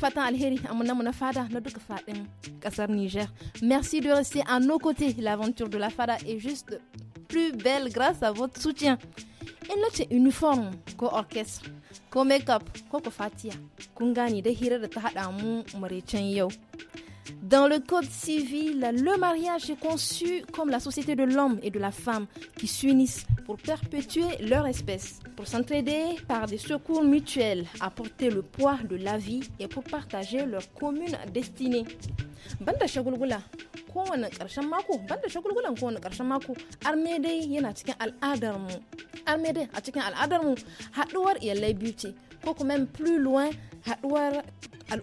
fatan alheri amuna na fada na duka fadin Niger. Merci de rester à nos côtés. L'aventure de la fada est juste plus belle grâce à votre soutien. Et notre uniforme, ko orchestre, co make-up, co fatia, kungani de da de da ta haɗa mu dans le Code civil, le mariage est conçu comme la société de l'homme et de la femme qui s'unissent pour perpétuer leur espèce, pour s'entraider par des secours mutuels, apporter le poids de la vie et pour partager leur commune destinée. Banda shagulgula, kowane karshen mako, banda shagulgulan kowane karshen mako, arme dai yana cikin al'adarmu. Arme dai a cikin mu haduwar iyalai biyu ce, ko kuma plus loin haduwar al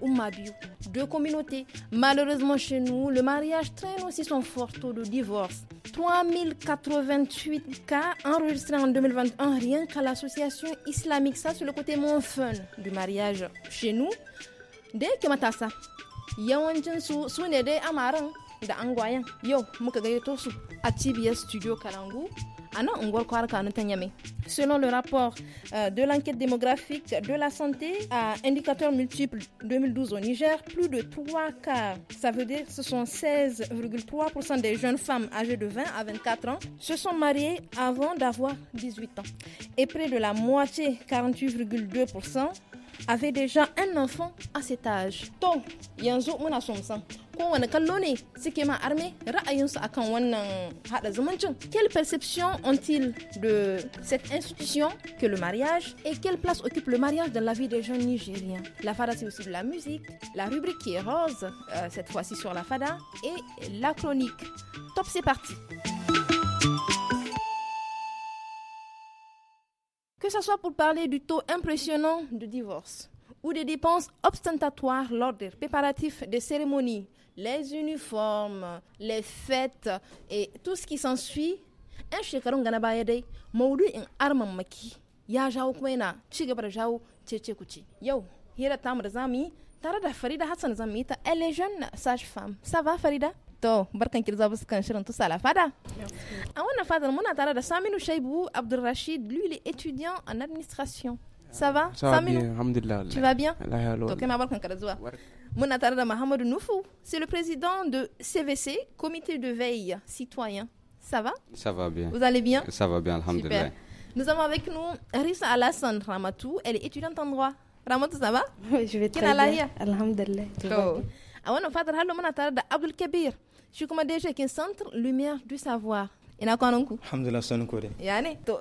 deux communautés. Malheureusement chez nous, le mariage traîne aussi son fort taux de divorce. 3088 cas enregistrés en 2021 rien qu'à l'association islamique. Ça, c'est le côté moins fun du mariage chez nous. Dès que matassa, Yawanjin su amaran da angwayan yo. muka studio kalangu Selon le rapport euh, de l'enquête démographique de la santé à indicateurs multiples 2012 au Niger, plus de 3 quarts, ça veut dire ce sont 16,3% des jeunes femmes âgées de 20 à 24 ans, se sont mariées avant d'avoir 18 ans. Et près de la moitié, 48,2%, avait déjà un enfant à cet âge. ma Quelle perception ont-ils de cette institution que le mariage et quelle place occupe le mariage dans la vie des jeunes nigériens La fada c'est aussi de la musique, la rubrique qui est rose euh, cette fois-ci sur la fada et la chronique. Top, c'est parti. que ce soit pour parler du taux impressionnant de divorce ou des dépenses ostentatoires lors des préparatifs des cérémonies, les uniformes, les fêtes et tout ce qui s'ensuit, un shekarun gana baya dai maudu'in arman maki ya jao kuma yana ci gaba da jawo cece kuce yau hira tamu da zamu Farida Hassan Zami, elle ta elle jeune sage femme ça va Farida To, barkan ki zuwa kan shirin tusa la fada. A wannan fadar muna tare da Saminu Shaibu Abdulrashid, lui il est étudiant en administration. Ça va Ça va bien, alhamdulillah. Tu vas bien To kana barkan ka da zuwa. Muna tare da Muhammadu Nufu, c'est le président de CVC, Comité de veille citoyen. Ça va Ça va bien. Vous allez bien Ça va bien, alhamdulillah. Super. Nous avons avec nous Risa Alassane Ramatou, elle est étudiante en droit. Ramatou, ça va Oui, je vais très bien. Alhamdulillah. A wannan oh. ah, fadar hallo muna tare da Abdul Kabir, suis suis chez un centre lumière du savoir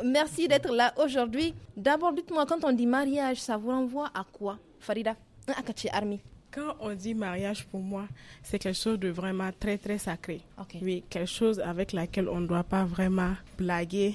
Merci d'être là aujourd'hui. D'abord, dites-moi, quand on dit mariage, ça vous renvoie à quoi Farida Army. Quand on dit mariage, pour moi, c'est quelque chose de vraiment très, très sacré. Oui, quelque chose avec laquelle on ne doit pas vraiment blaguer,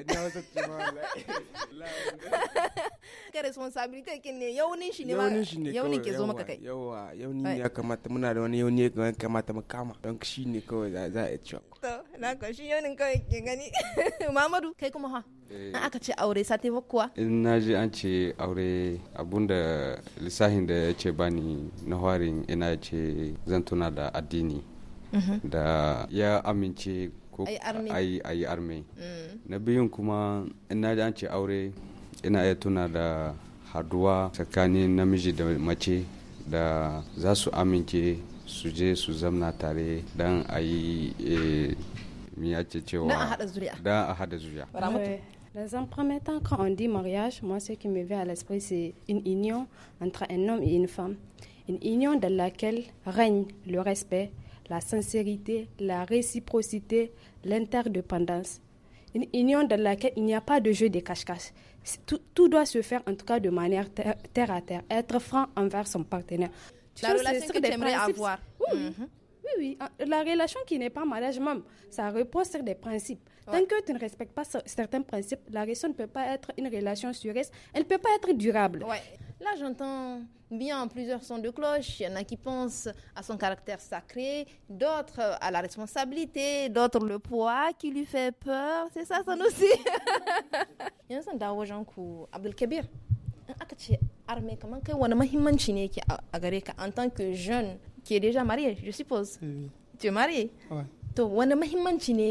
ina wata ka responsibility ke ne yaunin shi ne ma yaunin ke zo maka kai yawa yauni ya kamata muna da wani yauni ya kamata mu kama don shi ne kawai za a ci to na ka shi yaunin kawai ke gani Mamadu kai kuma ha an eh. aka ce aure sati kuwa in na ji an ce aure abunda lissahin da ya ce bani na harin ina ce zan tuna da addini mhm. da ya amince ko a yi arme mm. na biyun kuma ina da an ce aure ina iya tuna da haduwa tsakanin namiji da mace da za su amince su je su zamna tare don a yi eh, miya ce cewa don a hada zuriya Dans un premier temps, quand on dit mariage, moi, ce qui me vient à l'esprit, c'est une union entre un homme et une femme. Une union dans laquelle règne le respect, la sincérité, la réciprocité, l'interdépendance. Une union dans laquelle il n'y a pas de jeu de cache-cache. Tout, doit se faire en tout cas de manière terre à terre, être franc envers son partenaire. La relation que tu aimerais avoir. Oui. Mhm. Oui, ah, La relation qui n'est pas mariage même, ça repose sur des principes. Tant que tu ne respectes pas certains principes, la relation ne peut pas être une relation sûre. Elle ne peut pas être durable. Là, j'entends bien plusieurs sons de cloche. Il y en a qui pensent à son caractère sacré, d'autres à la responsabilité, d'autres le poids qui lui fait peur. C'est ça, ça aussi. Il y a un son d'Awajankou, Abdel Kabir. armée, comment que en tant que jeune qui est déjà marié, je suppose. Tu es marié Oui. To, wani mahimmanci ne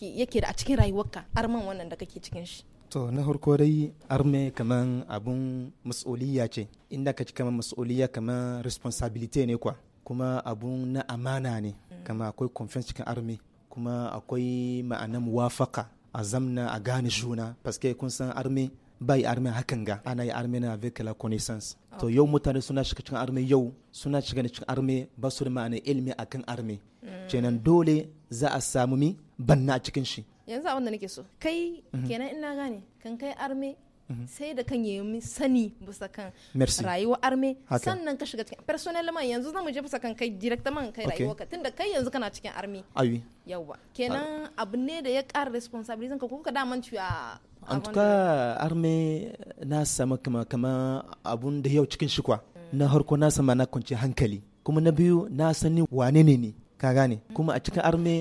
yake da cikin rayuwarka, arman wannan da kake cikin to na harko dai arme kaman abun mas'uliya ce inda ka ci kaman mas'uliya kaman responsibility ne kwa kuma abun na amana ne kama akwai confiance cikin arme kuma akwai ma'anan wafaka. a zamna a gane juna paske kun san arme bai arme hakan ga ana yi arme na vehicular connaissance to yau mutane suna shiga cikin arme yau suna shiga cikin arme ba su da ma'anar ilimi akan arme mm. kenan dole za a samu mi banna a cikin shi yanzu abin da nake so kai mhm. kenan ina gane kan kai arme mhm. sai da kan yi sani bisa kan rayuwa arme sannan ka shiga cikin personal man yanzu zamu je bisa kan kai directement kai rayuwa ka tunda kai yanzu kana cikin arme ayi yawa kenan abu ne da ya ƙara responsibility ka kuka man ciwa an tuka arme na sama kama kama abun da yau cikin shikwa mm. na harko na sama na kwanci hankali kuma na biyu na sani wane ne ne ka gane mm. kuma a cikin arme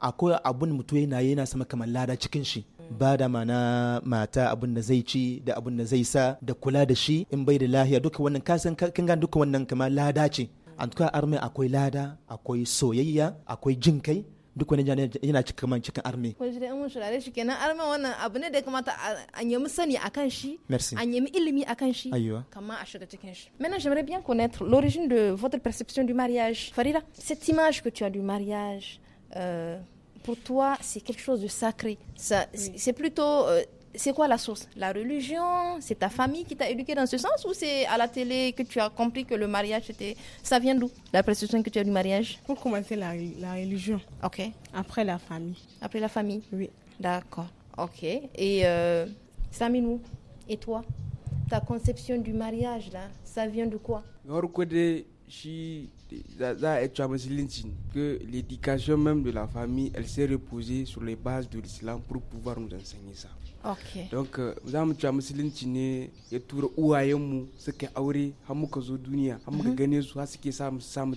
akwai abun mutu yana yana sama kamar lada cikin shi ba da mana mata abun da zai ci da abun da zai sa da kula da shi in bai da lahiya duka wannan kasan kin ga duka wannan kamar lada ce an tuka arme akwai lada akwai soyayya akwai jin kai duk wani yana cikin kamar cikin arme. Ko shi da mun shirare shi kenan arme wannan abu ne da ya kamata a nemi sani akan shi, a yi ilimi akan shi, kamar a shiga cikin shi. Maintenant j'aimerais bien connaître l'origine de votre perception du mariage. Farida, cette image que tu as du mariage, Euh, pour toi, c'est quelque chose de sacré. Ça, C'est plutôt. Euh, c'est quoi la source La religion C'est ta famille qui t'a éduqué dans ce sens Ou c'est à la télé que tu as compris que le mariage était Ça vient d'où La perception que tu as du mariage Pour commencer, la, la religion. Ok. Après la famille. Après la famille Oui. D'accord. Ok. Et euh, Saminou, et toi Ta conception du mariage là, ça vient de quoi she que l'éducation même de la famille, elle s'est reposée sur les bases de l'islam pour pouvoir nous enseigner ça. Donc, vous avez ne ya tura aure har muka zo duniya har muka gane su suke samu samu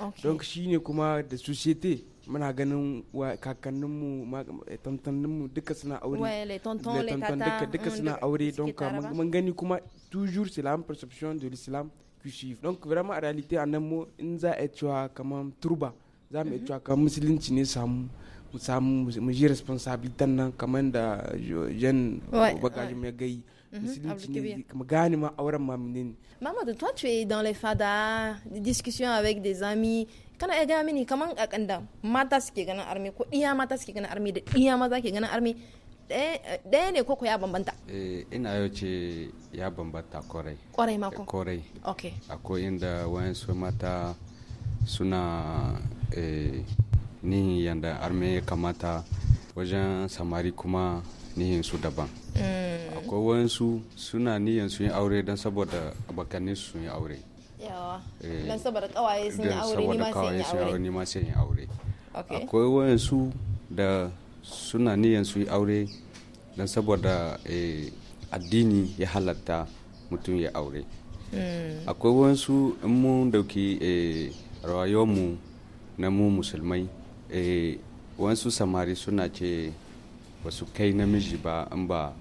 okay. don shine kuma da société muna ganin kakanninmu tantanninmu duka suna aure le tonton le tata duka suna aure donc mun gani kuma toujours c'est la perception de l'islam qui suit donc vraiment en réalité en un mot in za a cewa kaman turba za mu iya cewa kaman musulunci ne samu mu samu mu ji responsabilitan nan kaman da jan bagajin me gai Mmh. Maman, toi tu es dans les fada des discussions avec des amis kana tu mini kaman kakanda mata Tu gana tu ko iya mata Tu ganin armi da maza que Tu ina que ya que suna eh, kamata wajen samari kuma tu su hmm. akwai wayansu suna niyan su yi aure don saboda abokanin su yi aure yawa eh. don saboda kawaye sun yi aure ni ma sai yi aure akwai wayansu da suna niyan su yi aure don saboda eh, addini ya halatta mutum ya aure hmm. akwai wasu in mun dauki eh, mu na mu musulmai wasu samari suna ce ba su kai namiji ba in ba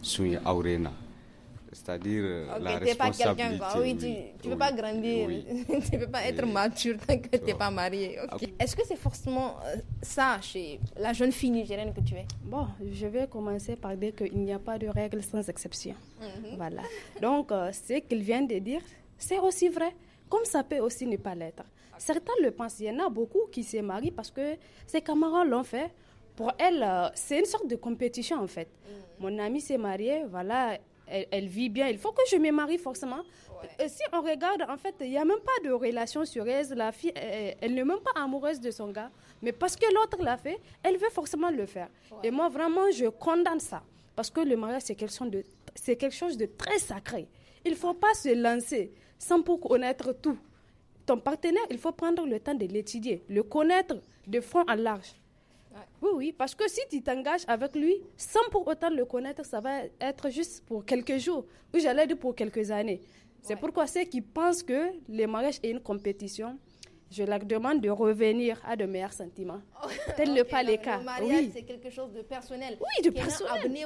c'est-à-dire la responsabilité. tu ne peux pas grandir, tu ne peux pas être mature tant que tu n'es pas marié. Est-ce que c'est forcément euh, ça chez la jeune fille nigérienne que tu es Bon, je vais commencer par dire qu'il n'y a pas de règle sans exception. Mhm. Voilà. Donc, euh, ce qu'il vient de dire, c'est aussi vrai, comme ça peut aussi ne pas l'être. Certains le pensent, il y en a beaucoup qui se marient parce que ses camarades l'ont fait pour elle, euh, c'est une sorte de compétition en fait. Mm. Mon amie s'est mariée, voilà, elle, vit bien, il faut que je me marie forcément. Euh, si on regarde, en fait, il n'y a même pas de relation sur elle. La fille, elle, n'est même pas amoureuse de son gars, mais parce que l'autre l'a fait, elle veut forcément le faire. Et moi, vraiment, je condamne ça. Parce que le mariage, c'est quelque, quelque chose de très sacré. Il ne faut pas se lancer sans pour connaître tout. Ton partenaire, il faut prendre le temps de l'étudier, le connaître de fond en large. Oui, oui, parce que si tu t'engages avec lui, sans pour autant le connaître, ça va être juste pour quelques jours, ou j'allais dire pour quelques années. C'est pourquoi ceux qui pensent que le mariage est une compétition, je leur demande de revenir à de meilleurs sentiments. Oh, Tel le pas les cas. Le mariage, c'est quelque chose de personnel. Oui, de personnel. Il ne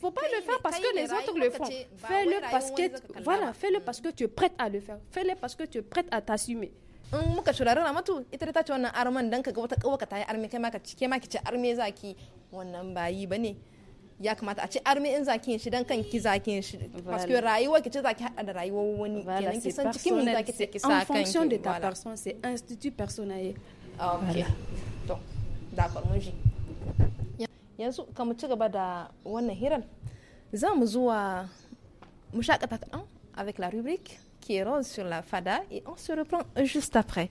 faut pas le faire parce que les autres le font. Bah voilà, fais-le parce que tu es prête à le faire. Fais-le parce que tu es prête à t'assumer. in muka turare na matu ita ta ce wannan arman dan ka ga wata kawaka ta yi arme kai ma ka ci ma ki ci arme zaki wannan bayi bane ya kamata a ci arme in zakin shi dan kanki zakin shi parce que rayuwa ki ce zaki hada da rayuwar wani kenan ki san cikin mi zaki ki sa kanki en fonction de ta personne c'est institut personnel ok to d'accord mun ji yanzu ka mu ci gaba da wannan hirar za mu zuwa mu shakata kaɗan avec la rubrique qui est rose sur la FADA et on se reprend juste après.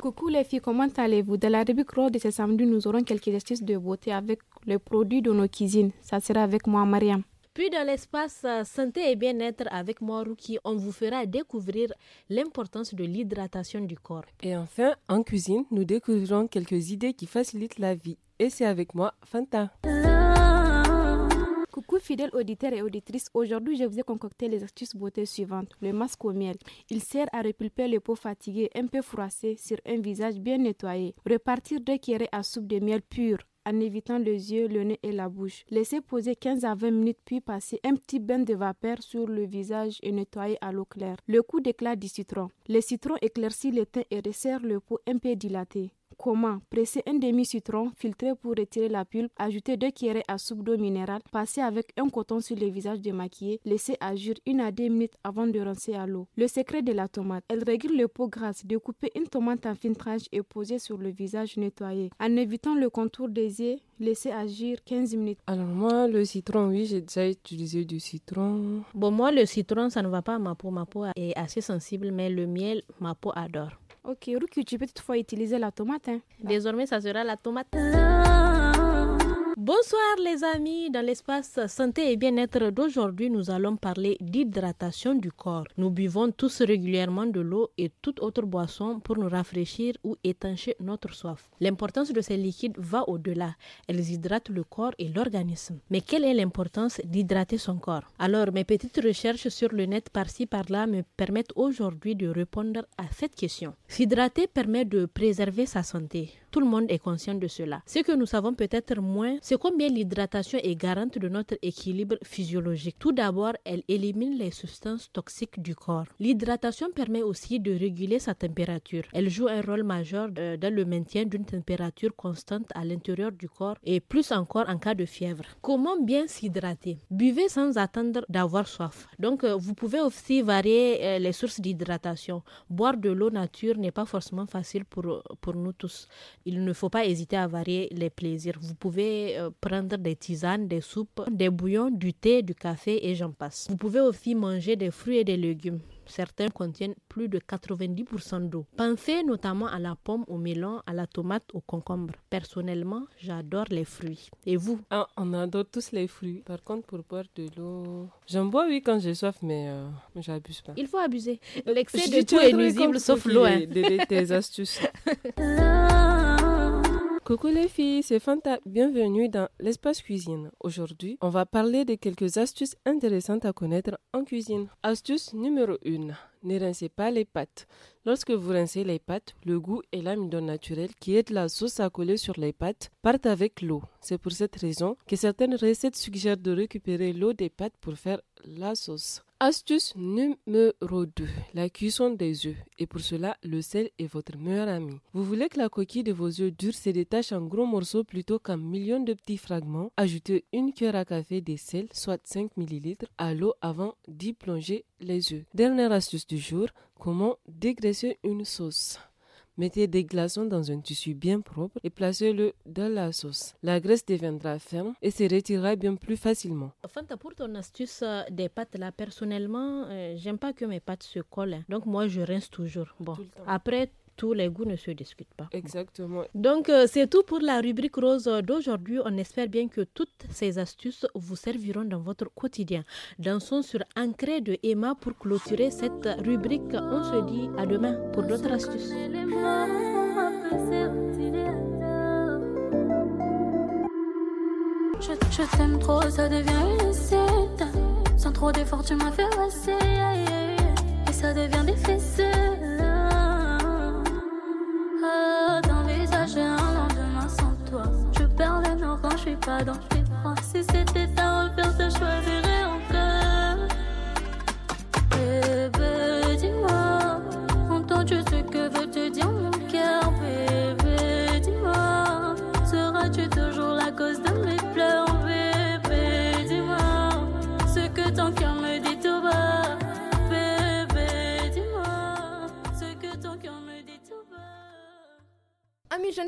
Coucou les filles, comment allez-vous Dans la rubrique Rose de ce samedi, nous aurons quelques astuces de beauté avec les produits de nos cuisines. Ça sera avec moi, Mariam. Puis dans l'espace euh, santé et bien-être avec moi, Ruki, on vous fera découvrir l'importance de l'hydratation du corps. Et enfin, en cuisine, nous découvrirons quelques idées qui facilitent la vie. Et c'est avec moi, Fanta. Coucou fidèles auditeurs et auditrices, aujourd'hui je vous ai concocté les astuces beauté suivantes. Le masque au miel, il sert à repulper le peaux fatiguées un peu froissées sur un visage bien nettoyé. Repartir deux à soupe de miel pur en évitant les yeux, le nez et la bouche. Laissez poser 15 à 20 minutes puis passer un petit bain de vapeur sur le visage et nettoyer à l'eau claire. Le coup d'éclat du citron. Le citron éclaircit le teint et resserre le peau un peu dilatée. Comment Presser un demi-citron, filtré pour retirer la pulpe, ajouter deux cuillerées à soupe d'eau minérale, passer avec un coton sur le visage démaquillé, laisser agir une à deux minutes avant de rincer à l'eau. Le secret de la tomate. Elle régule le pot grasse, découper une tomate en fines et poser sur le visage nettoyé. En évitant le contour des yeux, laisser agir 15 minutes. Alors moi, le citron, oui, j'ai déjà utilisé du citron. Bon, moi, le citron, ça ne va pas à ma peau. Ma peau est assez sensible, mais le miel, ma peau adore. Ok, Ruki, tu peux toutefois utiliser la tomate. Hein? Désormais, ça sera la tomate. Bonsoir les amis, dans l'espace santé et bien-être d'aujourd'hui, nous allons parler d'hydratation du corps. Nous buvons tous régulièrement de l'eau et toute autre boisson pour nous rafraîchir ou étancher notre soif. L'importance de ces liquides va au-delà. Elles hydratent le corps et l'organisme. Mais quelle est l'importance d'hydrater son corps Alors, mes petites recherches sur le net par-ci par-là me permettent aujourd'hui de répondre à cette question. S'hydrater permet de préserver sa santé tout le monde est conscient de cela. Ce que nous savons peut-être moins, c'est combien l'hydratation est garante de notre équilibre physiologique. Tout d'abord, elle élimine les substances toxiques du corps. L'hydratation permet aussi de réguler sa température. Elle joue un rôle majeur euh, dans le maintien d'une température constante à l'intérieur du corps et plus encore en cas de fièvre. Comment bien s'hydrater Buvez sans attendre d'avoir soif. Donc, euh, vous pouvez aussi varier euh, les sources d'hydratation. Boire de l'eau nature n'est pas forcément facile pour, pour nous tous il ne faut pas hésiter à varier les plaisirs. Vous pouvez euh, prendre des tisanes, des soupes, des bouillons, du thé, du café et j'en passe. Vous pouvez aussi manger des fruits et des légumes. Certains contiennent plus de 90% d'eau. Pensez notamment à la pomme, au melon, à la tomate, au concombre. Personnellement, j'adore les fruits. Et vous ah, On adore tous les fruits. Par contre, pour boire de l'eau, j'en bois oui quand j'ai soif, mais euh, j'abuse pas. Il faut abuser. Euh, L'excès de tout est nuisible sauf l'eau. Hein. Des, des, des astuces. Coucou les filles, c'est Fanta, bienvenue dans l'espace cuisine. Aujourd'hui, on va parler de quelques astuces intéressantes à connaître en cuisine. Astuce numéro 1. Ne rincez pas les pâtes. Lorsque vous rincez les pâtes, le goût et l'amidon naturel qui aide la sauce à coller sur les pâtes partent avec l'eau. C'est pour cette raison que certaines recettes suggèrent de récupérer l'eau des pâtes pour faire la sauce. Astuce numéro 2, la cuisson des œufs. Et pour cela, le sel est votre meilleur ami. Vous voulez que la coquille de vos œufs durs se détache en gros morceaux plutôt qu'en millions de petits fragments. Ajoutez une cuillère à café de sel, soit 5 ml, à l'eau avant d'y plonger les œufs. Dernière astuce du jour, comment dégraisser une sauce. Mettez des glaçons dans un tissu bien propre et placez-le dans la sauce. La graisse deviendra ferme et se retirera bien plus facilement. Fanta, pour ton astuce des pâtes, là, personnellement, euh, j'aime pas que mes pâtes se collent. Donc, moi, je rince toujours. Bon, après tous les goûts ne se discutent pas. Exactement. Donc, euh, c'est tout pour la rubrique rose d'aujourd'hui. On espère bien que toutes ces astuces vous serviront dans votre quotidien. Dansons sur Ancré de Emma pour clôturer cette rubrique. On se dit à demain pour d'autres astuces. Sans trop d'efforts, tu les d'envisager un lendemain sans toi. Je perds le nord je suis pas dans tes bras. Si c'était un refaire, je choisirais encore. Eh Bébé. Ben,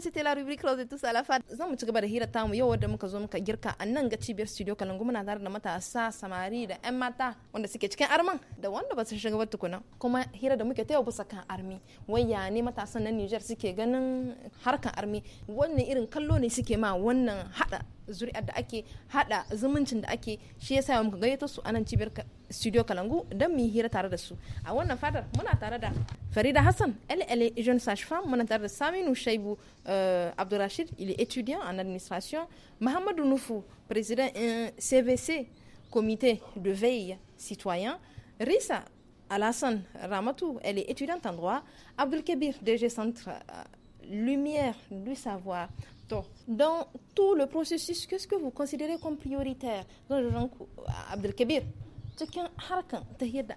Madame c'était la rubrique close de tous à la mu ci gaba da hira ta mu yau da muka zo muka girka a nan ga cibiyar studio Kalangu muna tare da matasa samari da ƴan mata wanda suke cikin arman da wanda ba su shiga ba tukuna. Kuma hira da muke ta yau busa kan armi. Wai ya ne matasan na Niger suke ganin harkan armi wannan irin kallo ne suke ma wannan hada zuri'ar da ake hada zumuncin da ake shi yasa muka gayyato su anan cibiyar studio kalangu don mu hira tare da su a wannan fadar muna tare da Farida Hassan, elle, est jeune sage-femme, mon de Saminou Chaibou euh, abdurashid il est étudiant en administration. Mohamed Noufou, président CVC, eh, comité de veille citoyen. Rissa Alassane Ramatou, elle est étudiante en droit. Abdul Kebir, DG Centre euh, lumière du savoir. dans tout le processus, qu'est-ce que vous considérez comme prioritaire Dans le genre Abdelkabir, cikin da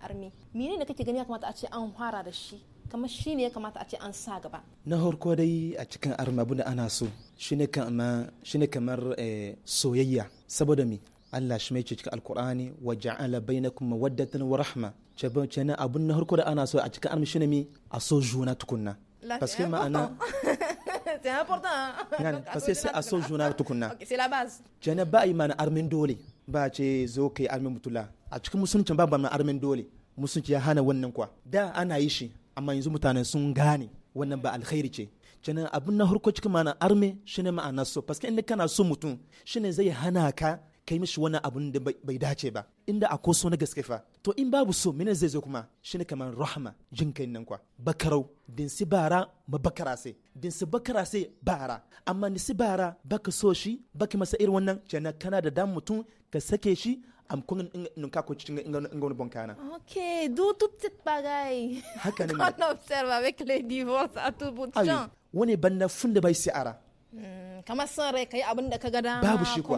mene ne kake gani ya kamata a ce an fara shi kamar shi ya kamata a ce an sa gaba na harko dai a cikin da ana so shine kamar kamar eh, soyayya saboda Allah shi mai cikin wa ja'ala bainakum mawaddatan wa rahma abun da parce que ma'ana c'est important parce que a Okay, c'est la base Je yi armin dole ba ce zo kai armin a cikin musulunci ba dole musulunci ya hana wannan kwa da ana yi shi amma yanzu mutane sun gane wannan ba alkhairi ce jana abin na harko cikin arme shine ma'ana so parce que in kana so mutum shine zai hana ka kai mishi wani abun da bai dace ba inda a so na gaske fa to in babu so mene zai zo kuma shine kamar rahma jin kai nan kwa bakarau din si bara ma bakara sai din si bakara sai bara amma ni si bara baka so shi baki masa irin wannan kenan kana da dan mutum ka sake shi am kun nunca coaching ngon bon kana OK d'où toute haka ne qu'on observe avec les divorces à tout bout de champ wani banda funda bai ara hmm, kamar son rai kai abin da ka ga dama babu shi kwa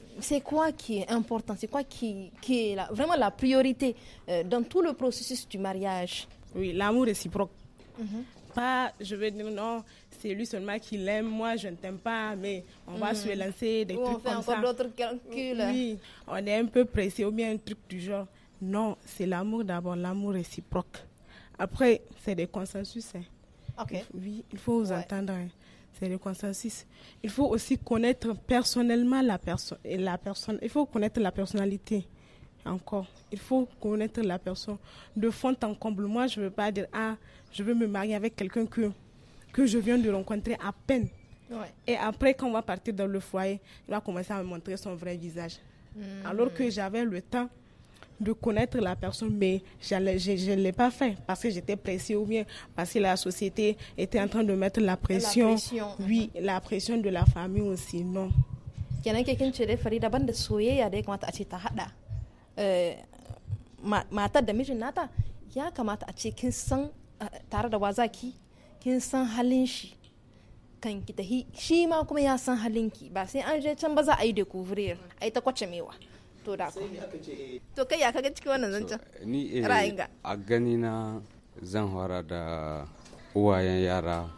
c'est quoi qui est important, c'est quoi qui, qui est vraiment la priorité euh, dans tout le processus du mariage Oui, l'amour réciproque. Mhm. Pas, je vais dire non, c'est lui seulement qui l'aime, moi je ne t'aime pas, mais on va mhm. se lancer des Ou trucs comme ça. on fait encore d'autres calculs. Oui, on est un peu pressé ou bien un truc du genre. Non, c'est l'amour d'abord, l'amour réciproque. Après, c'est des consensus. Hein. Ok. Oui, il faut vous entendre. Hein c'est le consensus. Il faut aussi connaître personnellement la, personne la personne. Il faut connaître la personnalité encore. Il faut connaître la personne de fond en comble. Moi, je ne veux pas dire, ah, je veux me marier avec quelqu'un que, que je viens de rencontrer à peine. Et après, quand on va partir dans le foyer, il va commencer à me montrer son vrai visage. Hmm. Alors que j'avais le temps de connaître la personne, mais je ne l'ai pas fait parce que j'étais pressée ou bien parce que la société était en train de mettre la pression. La pression. Uh-huh. Oui, la pression de la famille aussi, non. kenan ke kin ce dai farida ban da soyayya da ya kamata a ce ta hada eh, matar da mijin nata ya kamata a ce kin san ah, tare da wazaki kin san halin shi kan il y shi ma kuma ya san halin ki ba sai an je can ba za a yi da ai ta kwace mewa to da ku eh? to kai ya kaga cikin wannan zancen ni eh, a gani na zan hora da uwayen yara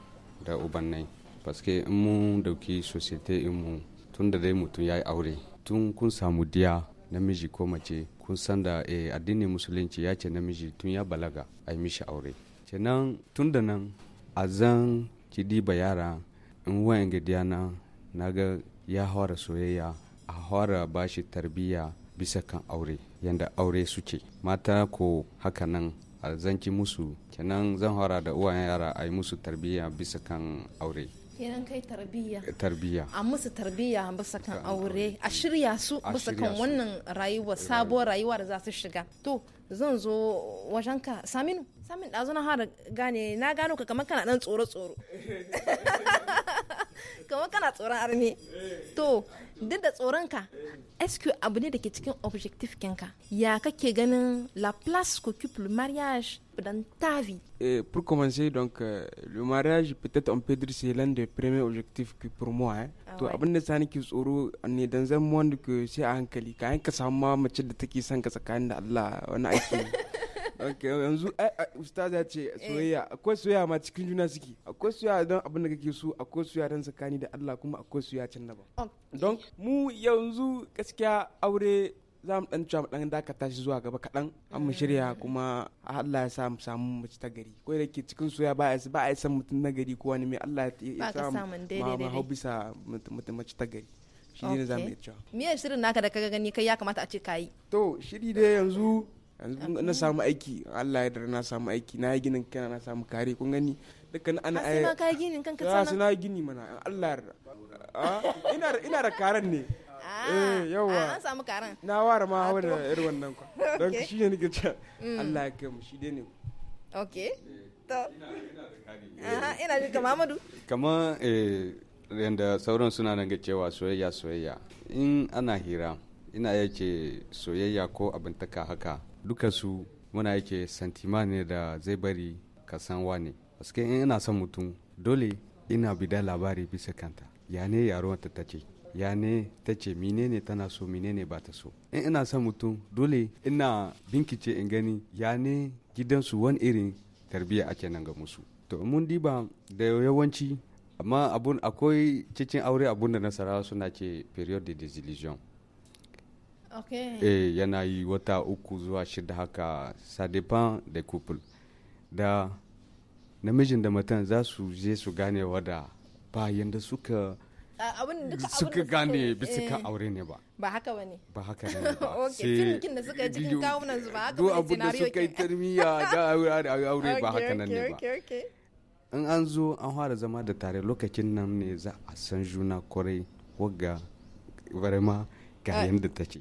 da ubannai paske in mun dauki societe in mu tun da dai mutum ya yi aure tun kun samu diya namiji ko mace kun san da eh, addinin musulunci ya ce namiji tun ya balaga a yi mishi aure kenan tun da nan a zan ki diba yara in wayan gidiya na naga ya hawara soyayya a fara bashi tarbiyya bisa kan aure yadda aure suke mata ko haka nan a zanki musu kenan zan fara da uwa yara a yi musu tarbiyya bisa kan aure kenan kai tarbiyya eh, tarbiyya a musu tarbiyya bisa kan aure a shirya su bisa kan wannan rayuwa sabuwar rayuwa da za su shiga to zan zo wajenka saminu samin ɗazu na har gane na gano ka kamar kana dan tsoro tsoro kamar kana tsoron arme to duk da tsoronka est-ce abu ne da ke cikin objectif kinka ya kake ganin la place qu'occupe le mariage dans ta vie Et eh, Pour commencer, donc, euh, le mariage, peut-être on peut dire c'est l'un des premiers objectifs que pour moi. Hein. Ah to abin da sani ki tsoro ne dan zan wanda ke sai a hankali kayan ka samu mace da take son ka tsakanin da Allah wani aiki ok yanzu eh, eh, ustaza ce soyayya eh. akwai soyayya ma cikin juna suke akwai soyayya don abin da kake so akwai soyayya don tsakani da Allah kuma akwai soyayya can daban don mu yanzu gaskiya aure za mu dan cewa dan dakata shi zuwa gaba kaɗan an mu shirya mm. kuma Allah ya sa mu samu mace ta gari ko da ke cikin soya ba a ba a san mutum na gari ko wani mai Allah ya sa mu hau bisa mutum mace ta gari shi ne za mu cewa me shirin naka da kaga gani kai ya kamata a ce kayi to shiri dai yanzu yanzu na samu aiki Allah ya dare na samu aiki na yi ginin kana na samu kare kun gani dukkan ana ai ka kan ka sana sai gini mana Allah ya ah, ina ina da karan ne ah, eh yawa ah, an samu karan na ware ma hawa da irin wannan kwa don shi ne nake cewa mm. Allah ya kai mu shi dai ne okay eh, to ina da Muhammadu kamar eh yanda sauran suna nan ga cewa soyayya soyayya in ana hira ina yace soyayya ko abin taka haka dukansu muna yake santima ne da zai bari ka san wane paske in ina son mutum dole ina bida labari bisa kanta ya ne yaron ta tace ya ne ta ce menene tana so menene ba ta so in ina son mutum dole ina binkice in gani ya ne gidansu wani irin tarbiyya ake nan ga musu to mun diba da yawanci amma akwai cikin aure abun da nasarawa suna ce period de desillusion okay. eh yana yi wata uku zuwa shida haka sadepan da couple da namijin da matan za su je su gane da bayan da suka suka gane bisa ka eh. aure ne ba ba haka ba ne ba haka ne ba sai da suka yi cikin kawunan su ba haka ba abin da suka yi tarmiya da aure ba haka nan ne ba in an zo an fara zama da tare lokacin nan ne za a san juna kwarai wagga barema ga eh, yadda ce.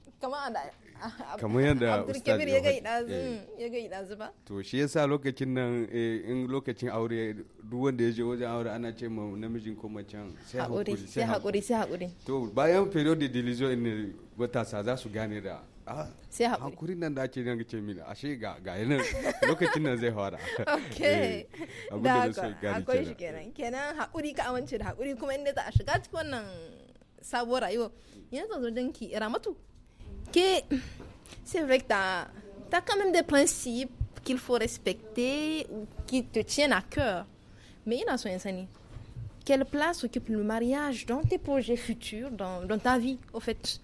kamar yadda ustaz ya gai ɗazu eh. ba to shi yasa lokacin nan eh, in lokacin aure duk wanda ya je wajen aure ana ce ma namijin ko macen sai haƙuri sai haƙuri sai haƙuri to bayan period de delusion ne matasa za su gane da ah, sai haƙuri Hakuri nan da ake nan ce mini ashe ga ga yanar lokacin nan zai fara okay da haka akwai shi kenan kenan haƙuri ka amince da haƙuri kuma inda za a shiga cikin wannan y a des gens qui ramatu que c'est vrai que tu as, quand même des principes qu'il faut respecter ou qui te tiennent à cœur. Mais il a son insani. Quelle place occupe le mariage dans tes projets futurs, dans, dans ta vie, au fait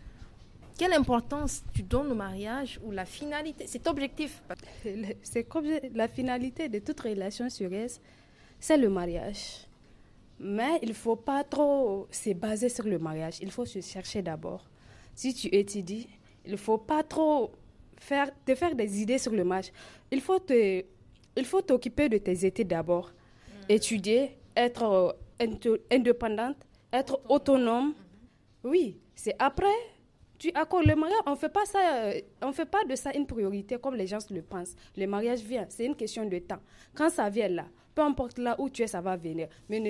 Quelle importance tu donnes au mariage ou la finalité, cet objectif C'est la finalité de toute relation sur c'est le mariage. Mais il ne faut pas trop se baser sur le mariage. Il faut se chercher d'abord. Si tu étudies, il ne faut pas trop faire, te faire des idées sur le mariage. Il faut te, il faut t'occuper de tes études d'abord. Mm. Étudier, être euh, indépendante, être autonome. Mm-hmm. Oui, c'est après tu accordes le mariage. On fait pas ça, euh, on fait pas de ça une priorité comme les gens le pensent. Le mariage vient, c'est une question de temps. Quand ça vient là, peu importe là où tu es, ça va venir. Mais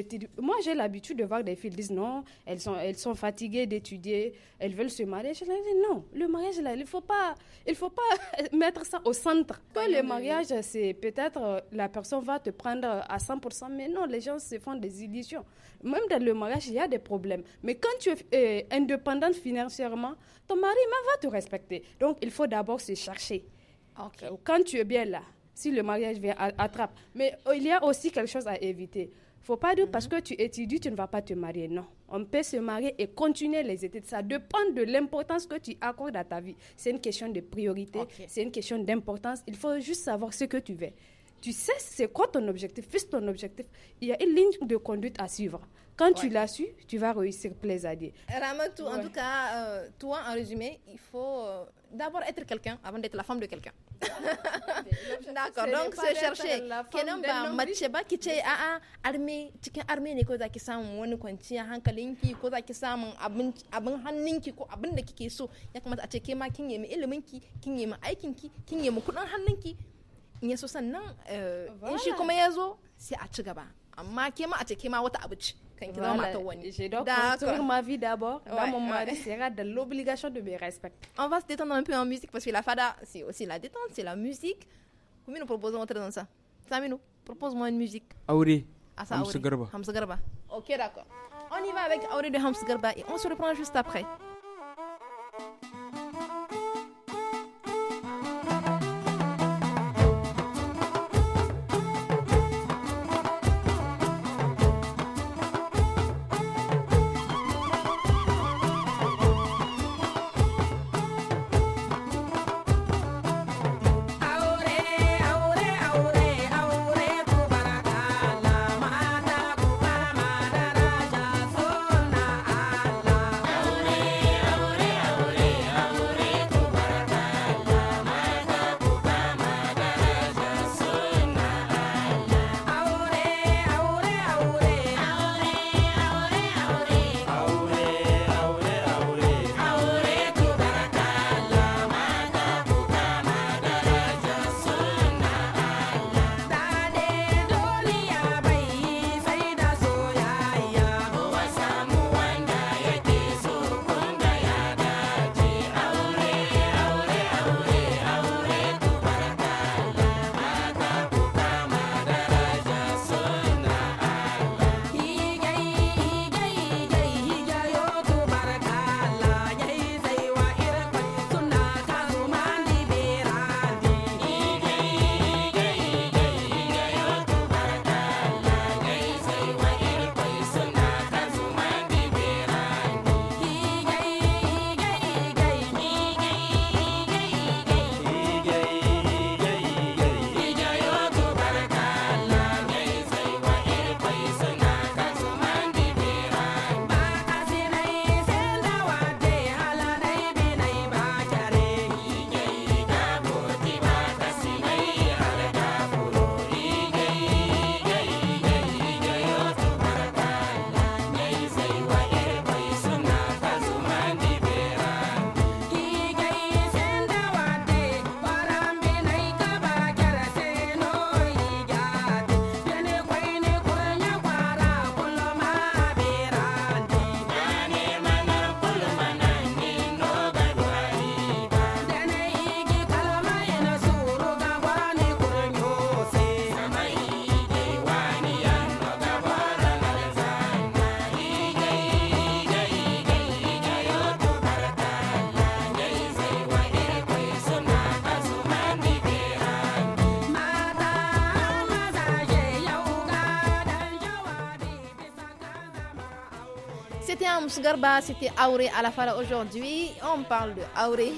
moi, j'ai l'habitude de voir des filles disent non, elles sont, elles sont fatiguées d'étudier, elles veulent se marier. Je leur dis non, le mariage, là, il ne faut pas, il faut pas mettre ça au centre. Quand le mariage, c'est peut-être euh, la personne va te prendre euh, à 100%, mais non, les gens se font des illusions. Même dans le mariage, il y a des problèmes. Mais quand tu es euh, indépendante financièrement, ton mari va te respecter. Donc, il faut d'abord se chercher. Quand tu es bien là, si le mariage vient, attrape. Mais oh, il y a aussi quelque chose à éviter. Faut pas dire parce que tu étudies, tu ne vas pas te marier. Non. On peut se marier et continuer les études. Ça dépend de l'importance que tu accordes à ta vie. C'est une question de priorité, c'est une question d'importance. Il faut juste savoir ce que tu veux. Tu sais c'est quoi ton objectif, Fais ton objectif. Il y a une ligne de conduite à suivre. Quand tu l'as su, tu vas réussir, plaisadier. à en tout cas, euh, toi, en résumé, il faut euh, d'abord être quelqu'un avant d'être la femme de quelqu'un. D'accord, donc se chercher. Kenan ba mace ba ki ce a'a arme cikin arme ne ko za ki samun wani kwanciya hankalinki ko za ki samun abin hannunki ko abin da kike so ya kamata a ce ke ma kin yemi iliminki kin yemi aikinki kin yemi kudin hannunki in yaso sannan in shi kuma ya sai a ci gaba amma ke ma a ce ke ma wata abu kan ki j'ai construire ma vie d'abord ouais, mon mari C'est l'obligation de me respecter on va se détendre un peu en musique parce que la fada c'est aussi la détente c'est la musique Comment nous proposons d'entrer dans ça Samino propose-moi une musique Auri Asa ah, ok d'accord on y va avec Auri de Hamsa Garba et on se reprend juste après Garba, c'était Auré à la fin aujourd'hui. On parle de Auré,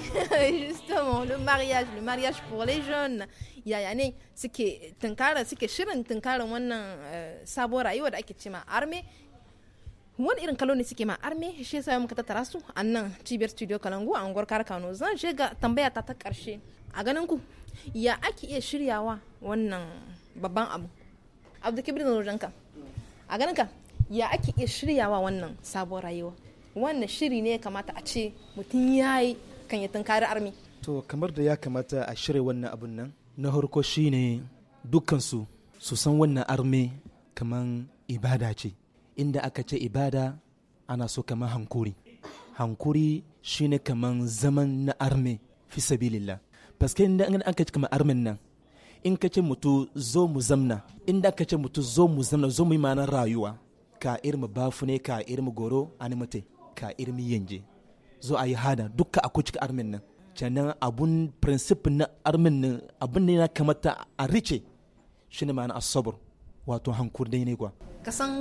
justement, le mariage, le mariage pour les jeunes. Il y a une suke tunkara suke shirin tunkarin wannan euh, sabuwar rayuwa da ake cema arme won irin kalo ne suke ma arme shi yasa muka tattara su a cibiyar studio kalangu a unguwar kar kano zan je ga tambaya ta ta karshe a ganin ku ya ake iya shiryawa wannan babban abu abdulkibir na a ganin ka ya ake iya shiryawa wannan sabon rayuwa wannan shiri ne ya kamata a ce mutum ya yi kan ya tunkari armi to kamar da ya kamata a shirya wannan abun nan na harko shine dukkansu su san wannan armi kamar ibada ce inda aka ce ibada ana so kamar hankuri hankuri shine kamar zaman na armi fi sabilillah paske inda aka ce kamar armin nan in ka ce mutu zo mu zamna inda ka ce mutu zo mu zamna zo mu yi ma'anar rayuwa ka irma bafune ka irma goro mate ka irmi yanje zo a yi hada duka a kucika armin nan canan abun prinsip na armin nan abun ne na kamata a rice shi ne ma'ana asabar wato hankur dai ne kuwa kasan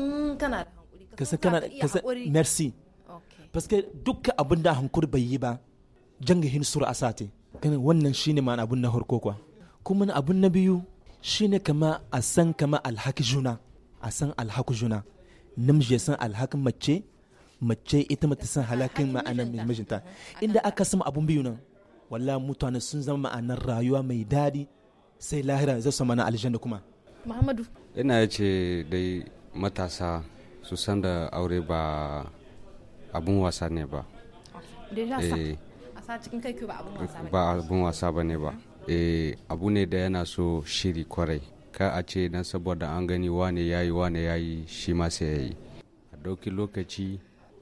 kana da hankuri kasan kana hankuri merci paske duka abun da hankur bai yi ba hin sura asate kan wannan shine ma'ana abun na harko kuwa kuma abun na biyu shine kama a san kama alhaki juna a san alhaki juna namiji ya san alhakin mace mace ita mata san halakin ma'anar mijinta inda aka sama abun biyu nan wala mutane sun zama ma'anar rayuwa mai daɗi sai lahira zai sama na aljanna kuma muhammadu ina ce dai matasa su san da aure ba abun wasa ne ba eh. ba abun wasa ba ne ba eh, abu ne da yana so shiri kwarai ka a ce dan saboda an gani wane yayi wane yayi shi ma sai yayi a ɗauki lokaci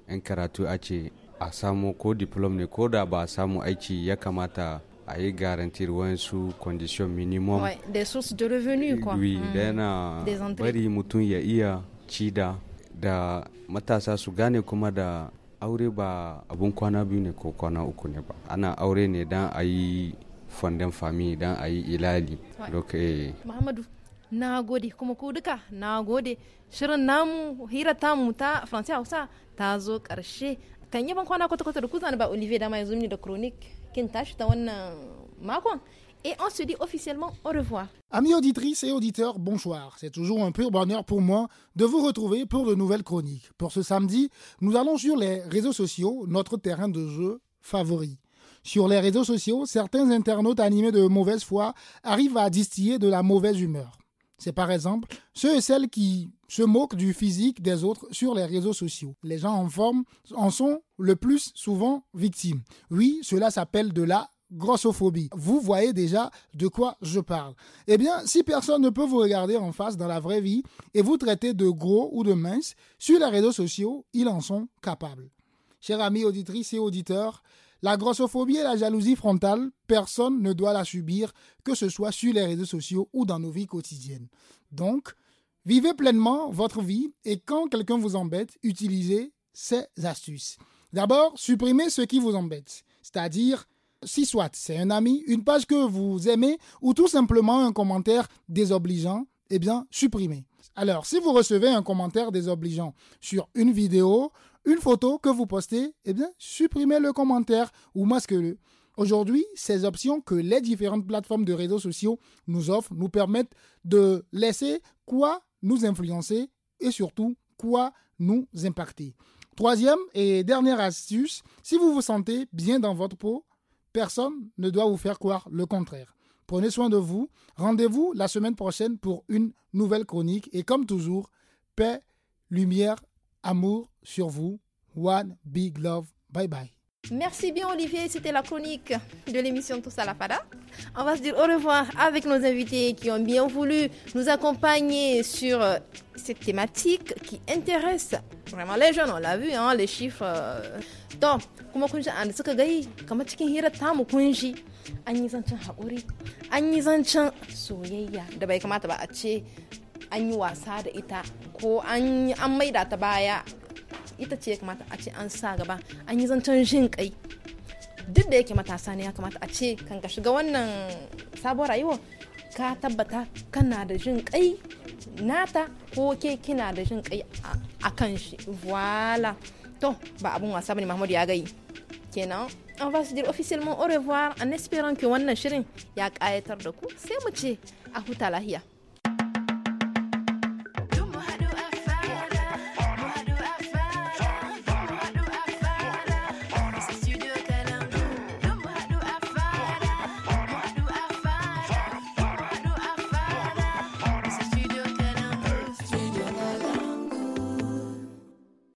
yan karatu a ce a samu ko diplom ne ko da ba a samu aiki ya kamata a yi garantir wasu condition minimum ouais, des sources mm. da yana bari mutum ya iya cida da matasa su gane kuma da aure ba abun kwana biyu ne ko kwana uku ne ba ana aure ne dan a yi fami dan a yi ilali ouais. Eh. muhammadu na olivier Et on se dit officiellement au revoir. Amis auditrices et auditeurs, bonsoir. C'est toujours un pur bonheur pour moi de vous retrouver pour de nouvelles chroniques. Pour ce samedi, nous allons sur les réseaux sociaux, notre terrain de jeu favori. Sur les réseaux sociaux, certains internautes animés de mauvaise foi arrivent à distiller de la mauvaise humeur. C'est par exemple ceux et celles qui se moquent du physique des autres sur les réseaux sociaux. Les gens en forme en sont le plus souvent victimes. Oui, cela s'appelle de la grossophobie. Vous voyez déjà de quoi je parle. Eh bien, si personne ne peut vous regarder en face dans la vraie vie et vous traiter de gros ou de mince, sur les réseaux sociaux, ils en sont capables. Chers amis auditrices et auditeurs, la grossophobie et la jalousie frontale, personne ne doit la subir, que ce soit sur les réseaux sociaux ou dans nos vies quotidiennes. Donc, vivez pleinement votre vie et quand quelqu'un vous embête, utilisez ces astuces. D'abord, supprimez ce qui vous embête, c'est-à-dire si soit c'est un ami, une page que vous aimez ou tout simplement un commentaire désobligeant, eh bien, supprimez. Alors, si vous recevez un commentaire désobligeant sur une vidéo, une photo que vous postez, eh bien, supprimez le commentaire ou masquez-le. Aujourd'hui, ces options que les différentes plateformes de réseaux sociaux nous offrent nous permettent de laisser quoi nous influencer et surtout quoi nous impacter. Troisième et dernière astuce, si vous vous sentez bien dans votre peau, personne ne doit vous faire croire le contraire. Prenez soin de vous. Rendez-vous la semaine prochaine pour une nouvelle chronique. Et comme toujours, paix, lumière Amour sur vous. One big love. Bye bye. Merci bien Olivier, c'était la chronique de l'émission Tous à la Fada. On va se dire au revoir avec nos invités qui ont bien voulu nous accompagner sur euh, cette thématique qui intéresse vraiment les jeunes, on l'a vu, hein, les chiffres. Euh. Donc, an yi wasa da ita ko an maida ta baya ita ce ya kamata a ce an sa gaba an yi zancen jin kai duk da yake matasa ne ya kamata a ce kan ka shiga wannan sabuwar rayuwa ka tabbata kana da jin kai nata ko ke kina da jin kai a kan shi voila to ba abun wasa bane mahmud ya gai kenan an va se dire officiellement au revoir en espérant que wannan shirin ya kayatar da ku sai mu ce a huta lahiya